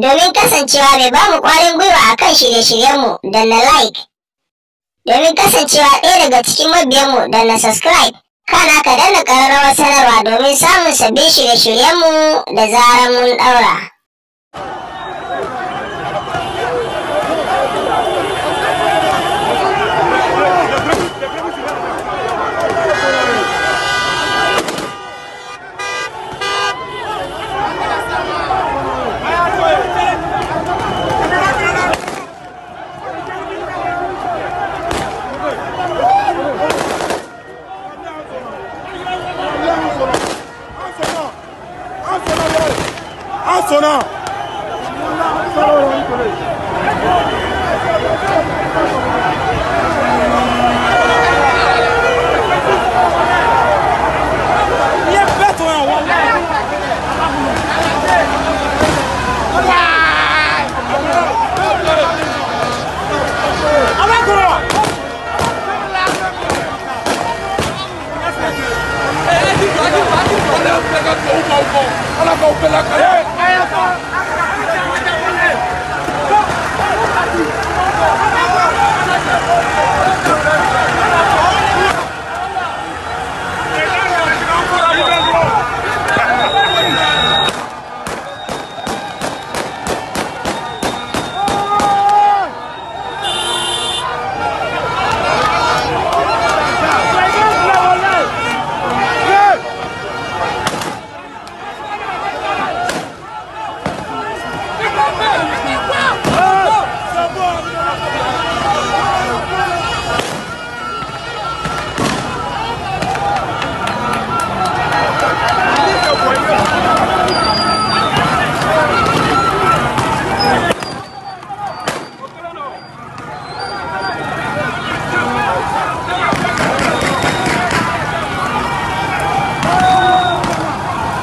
domin kasancewa bai bamu kwarin gwiwa a kan shirye-shiryenmu da na like. Domin kasancewa ɗaya daga cikin mabiyanmu da na subscribe, kana ka danna ƙararrawar sanarwa domin samun sabbin shirye-shiryenmu da zarar mun ɗaura. Asona! Asona! Asona!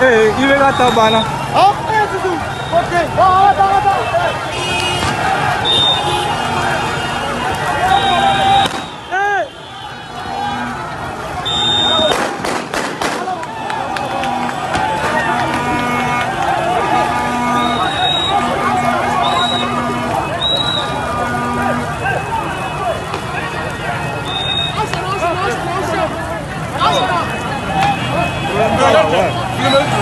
Hey, you will not have banana. Oh, yes, you do. Okay. Oh, oh, oh, oh. Hey. Oh, yeah.